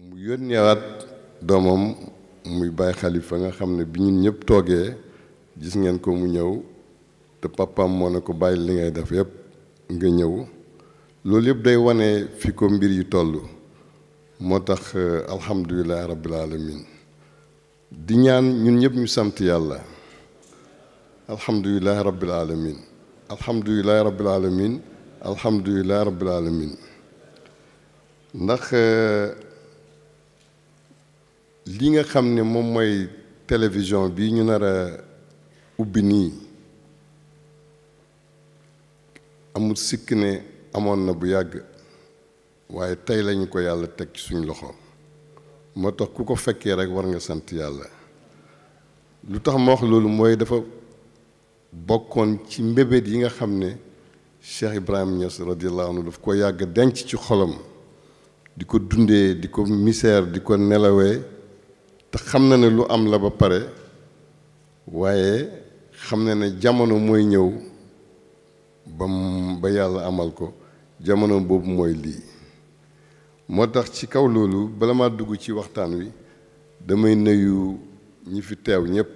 mu yónneewaat doomam muy Baye Khalifa nga xam ne bi ñun ñëpp toogee gis ngeen ko mu ñëw te papaam moo ne ko bàyyi li ngay def yëpp nga ñëw loolu yëpp day wane fi ko mbir yi toll moo tax euh, alhamdulilah rabbil alamin di ñaan ñun ñëpp ñu sant yàlla alhamdulilah rabbil alamin alhamdulilahi rabbil alamin alhamdulilahi rabbil alamin ndax eh, li nga xam ni moom mooy télévision bi ñu nar a ubbi nii amul sikk ne amoon na bu yàgg waaye tey lañu ko yàlla teg ci suñ loxo moo tax ku ko fekkee rek war nga sant yàlla lu tax ma wax loolu mooy dafa bokkoon ci mbébét yi nga xam ne Cheikh Ibrahim Niass radiyallahu anhu daf ko yàgg denc ci xolam di ko dundee di ko misère di ko nelawee te xam na ne lu am la ba pare waaye xam na ne jamono mooy ñëw ba ba yàlla amal ko jamono boobu mooy lii moo tax ci kaw loolu bala maa dugg ci waxtaan wi damay nuyu ñi fi teew ñëpp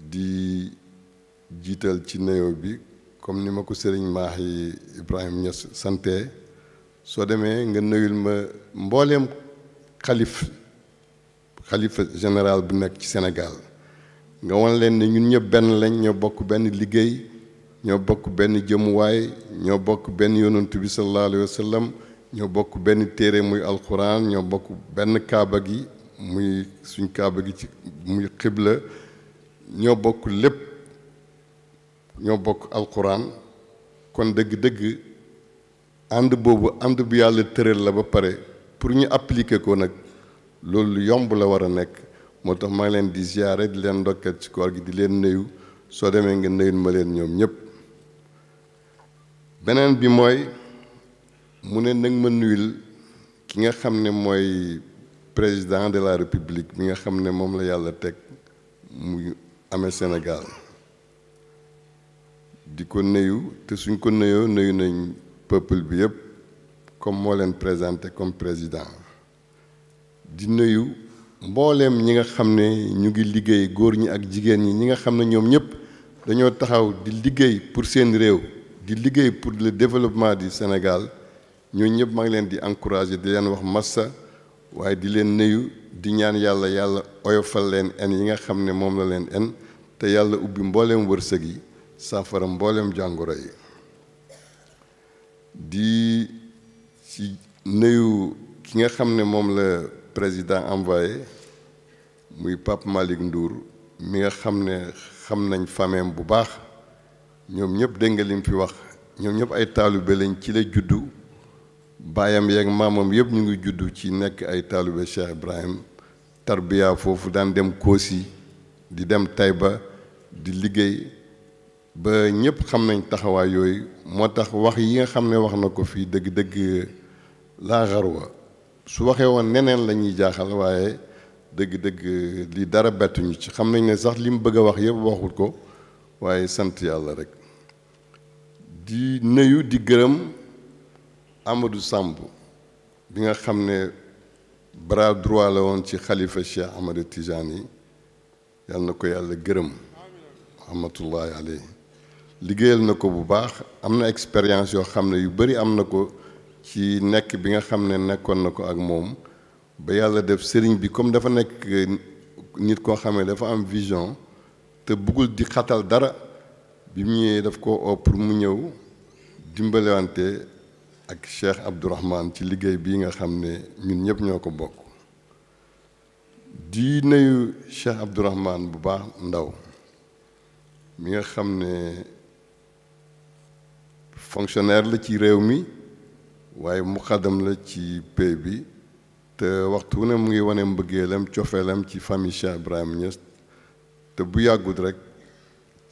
di jiital ci nuyoo bi comme ni ma ko sëriñ Mahi Ibrahima Niass sante soo demee nga nuyul ma mbooleem xalif xalifa général bu nekk ci Sénégal nga wan leen ne ñun ñëpp benn lañ ñoo bokk benn liggéey ñoo bokk benn jëmuwaay ñoo bokk benn yonent bi sallallahu alayhi wa ñoo bokk benn téere muy alquran ñoo bokk benn kaaba gi muy suñ kaaba gi ci muy xibla ñoo bokk lépp ñoo bokk alquran kon dëgg-dëgg ànd boobu ànd bu yàlla tëral la ba pare pour ñu appliquer ko nag loolu lu yomb la war a nekk moo tax maa leen di ziare di leen ndokkat ci koor gi di leen nuyu soo demee nga nuyul ma leen ñoom ñëpp beneen bi mooy mu ne nag ma nuyul ki nga xam ne mooy président de la république bi nga xam ne moom la yàlla teg mu amee Sénégal di ko nuyu te suñ ko nuyoo nuyu nañ peuple bi yëpp comme moo leen présenté comme président di nuyu mbooleem ñi nga xam ne ñu ngi liggéey góor ñi ak jigéen ñi ñi nga xam ne ñoom ñëpp dañoo taxaw di liggéey pour seen réew di liggéey pour le développement du Sénégal ñooñu ñëpp maa ngi leen di encourager di leen wax massa waaye di leen nuyu di ñaan yàlla yàlla oyofal leen en yi nga xam ne moom la leen en te yàlla ubbi mbooleem wërsëg yi saafara mbooleem jàngoro yi di si nuyu ki nga xam ne moom la président envoyé muy Pape Malick Ndour mi nga xam ne xam nañ fameem bu baax ñoom ñëpp dégg nga lim fi wax ñoom ñëpp ay taalibe lañ ci la juddu baayam yeeg maamam yëpp ñu ngi juddu ci nekk ay taalibe Cheikh Ibrahim tarbiya foofu daan dem Koosi di dem ba di liggéey ba ñëpp xam nañ taxawaay yooyu moo tax wax yi nga xam ne wax na ko fii dëgg-dëgg laa xarwa su waxee woon neneen lañuy jaaxal waaye dëgg-dëgg li dara bettuñu ci xam nañ ne sax li mu bëgg a wax yëpp waxul ko waaye sant yàlla rek di nuyu di gërëm Amadou Samb bi nga xam ne bras droit la woon ci xalifa Cheikh Ahmada Tijaan yi yàlla na ko yàlla gërëm rahmatullahi liggéeyal na ko bu baax am na expérience yoo xam ne yu bari am na ko ci nekk bi nga xam ne nekkoon na ko ak moom ba yàlla def sëriñ bi comme dafa nekk nit koo xam dafa am vision te bëggul di xatal dara bi mu ñëwee daf ko oo pour mu ñëw dimbalewante ak Cheikh Abdourahman ci liggéey bii nga xam ne ñun ñëpp ñoo ko bokk di nuyu Cheikh Abdourahman bu baax ndaw mi nga xam ne fonctionnaire la ci réew mi waaye muqaddam la ci pay bi te waxtu ne mu ngi wane mbëggeelam cofeelam ci famille Cheikh Ibrahima Niass te bu yàggut rek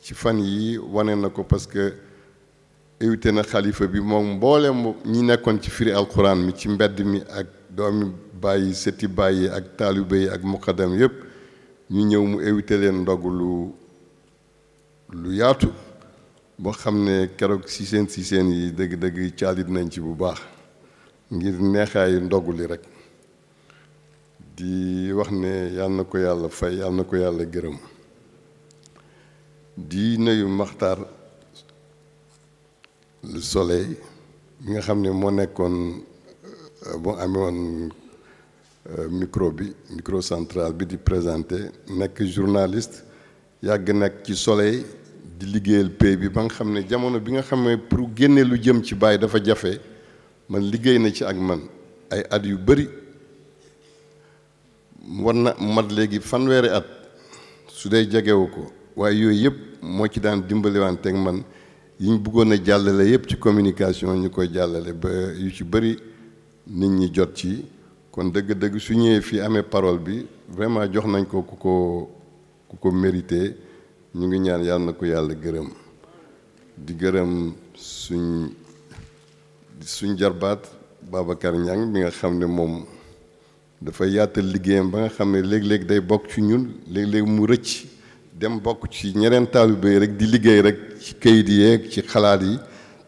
ci fan yi wane na ko parce que évité na xalifa bi moom mboolem ñi nekkoon ci firi alquran mi ci mbedd mi ak doomi bàyyi seti bàyyi ak taalibe yi ak muqaddam yépp ñu ñëw mu évité leen ndog lu lu yaatu boo xam ne keroog si seen si seen yi dëgg-dëgg caalit nañ ci bu baax ngir neexaayu ndogu li rek di wax ne yàlla na ko yàlla fay yàlla na ko yàlla gërëm di nuyu maxtaar le soleil bi nga xam ne moo nekkoon euh, boo amewoon euh, micro bi micro central bi di présenté nekk journalist yàgg nag ci soleil di liggéeyal pays bi ba nga xam ne jamono bi nga xam ne pour génne lu jëm ci Baye dafa jafe man liggéey na ci ak man ay at yu bëri war na mat léegi fanweeri at su dee jegewu ko waaye yooyu yëpp moo ci daan dimbaliwante ak man yi ñu bëggoon a jàllale yëpp ci communication ñu koy jàllale ba yu ci bëri nit ñi jot ci kon dëgg-dëgg su ñëwee fii amee parole bi vraiment jox nañ ko ku ko ku ko mérité ñu ngi ñaan yàlla na ko yàlla gërëm di gërëm suñ suñ jarbaat Babacar ñaŋ bi nga xam ne moom dafay yàttal liggéeyam ba nga xam ne léeg-léeg day bokk ci ñun léeg-léeg mu rëcc dem bokk ci ñeneen taalibe yi rek di liggéey rek ci kayit yeeg ci xalaat yi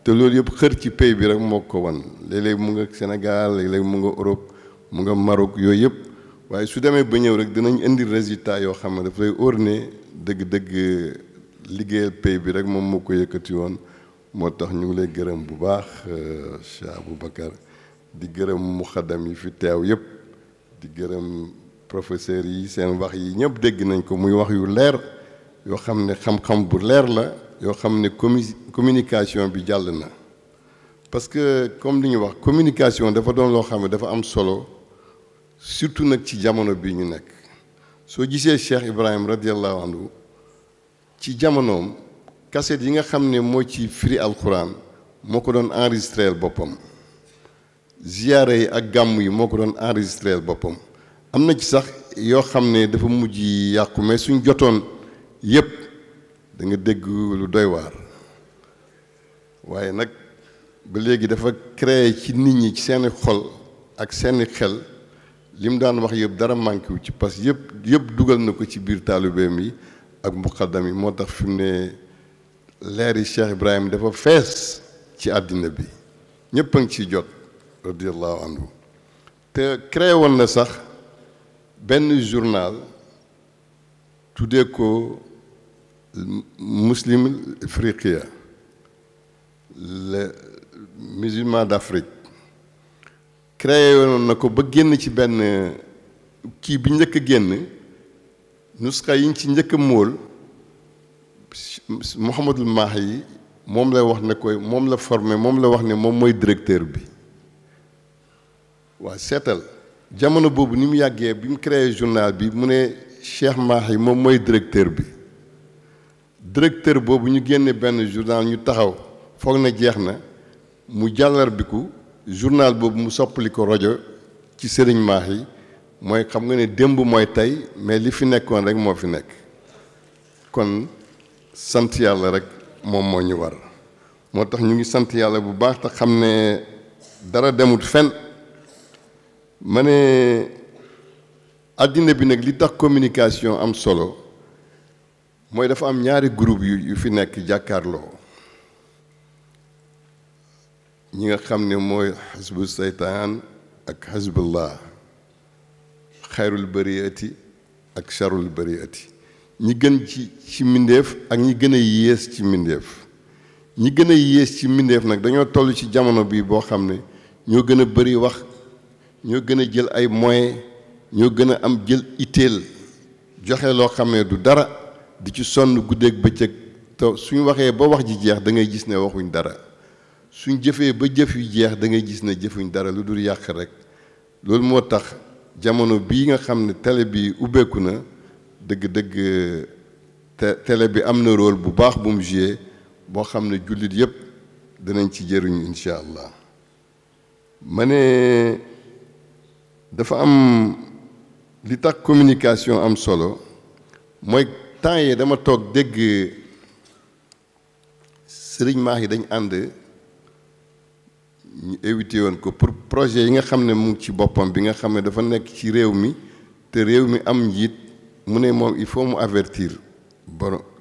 te loolu yëpp xër ci pays bi rek moo ko wan léeg mu nga Sénégal léeg mu nga Europe mu nga Maroc yooyu yëpp waaye su demee ba ñëw rek dinañ indi résultat yoo xam ne daf lay ne dëgg-dëgg liggéeyal pays bi rek moom moo ko yëkkati woon moo tax ñu ngi lay gërëm bu baax euh, Cheikh Aboubacar di gërëm muxadam yi fi teew yëpp di gërëm professeur yi seen wax yi ñëpp dégg nañ ko muy wax yu leer yoo xam ne xam-xam bu leer la yoo xam ne communication bi jàll na parce que comme li ñu wax communication dafa doon loo xam ne dafa am solo surtout nag ci jamono bi ñu nekk soo gisee Cheikh Ibrahim radiallahu anhu ci jamonoom kaset yi nga xam ne moo ci firi alquran moo ko doon enregistreel boppam ziyaare yi ak gàmm yi moo ko doon enregistreel boppam am na ci sax yoo xam ne dafa mujj yàqu mais suñ jotoon yëpp da nga dégg lu doy waar waaye nag ba léegi dafa créer ci nit ñi ci seeni xol ak seeni xel li mu daan wax yëpp dara manqué wu ci parce que yëpp yëpp dugal na ko ci biir taalibeem yi ak muqaddam yi moo tax fi mu ne leeri Cheikh Ibrahim dafa fees ci àddina bi ñëpp a ciy jot radiallahu anhu te créé woon na sax benn journal tuddee ko muslim friqiya le musulman d'Afrique créé woon na ko ba génn ci benn kii bi njëkk génn nuska yi ci njëkk a móol Mouhamadul yi moom la wax ne koy moom la formé moom la wax ne moom mooy directeur bi waa seetal jamono boobu ni mu yàggee bi mu créé journal bi mu ne Cheikh yi moom mooy directeur bi directeur boobu ñu génne benn journal ñu taxaw foog na jeex na mu jàllarbiku journal boobu mu soppali ko rajo ci sëriñ maax yi mooy xam nga ni démb mooy tey mais li fi nekkoon rek moo fi nekk kon sant rek moom moo ñu war moo tax ñu ngi sant yàlla bu baax te xam ne dara demut fen ma ne àddina bi nag li tax communication am solo mooy dafa am ñaari group yu yu fi nekk jàkkaarloo ñi nga xam ne mooy xasbu seytaan ak xasbullah xayrul bariyati ak charul bariyati ñi gën ci ci ak ñi gën a yées ci mbindeef ñi gën a yées ci mbindeef nag dañoo toll ci jamono bi boo xam ne ñoo gën a bari wax ñoo gën a jël ay moyens ñoo gën a am jël itteel joxe loo xam ne du dara di ci sonn guddeeg bëccëg te suñ waxee ba wax ji jeex da ngay gis ne waxuñ dara suñ jëfee ba jëf yu jeex da ngay gis ne jëfuñ dara lu dul yàq rek loolu moo tax jamono bii nga xam ne télé bi ubbeeku na dëgg-dëgg te télé bi am na rôle bu baax bu mu boo xam ne jullit yëpp danañ ci jëriñu incha allah ma ne dafa am li tax communication am solo mooy temps yi dama toog dégg sëriñ yi dañ ànd ñu éviter woon ko pour projet yi nga xam ne mu ci boppam bi nga xam ne dafa nekk ci réew mi te réew mi am njiit mu ne moom il faut mu avertir borom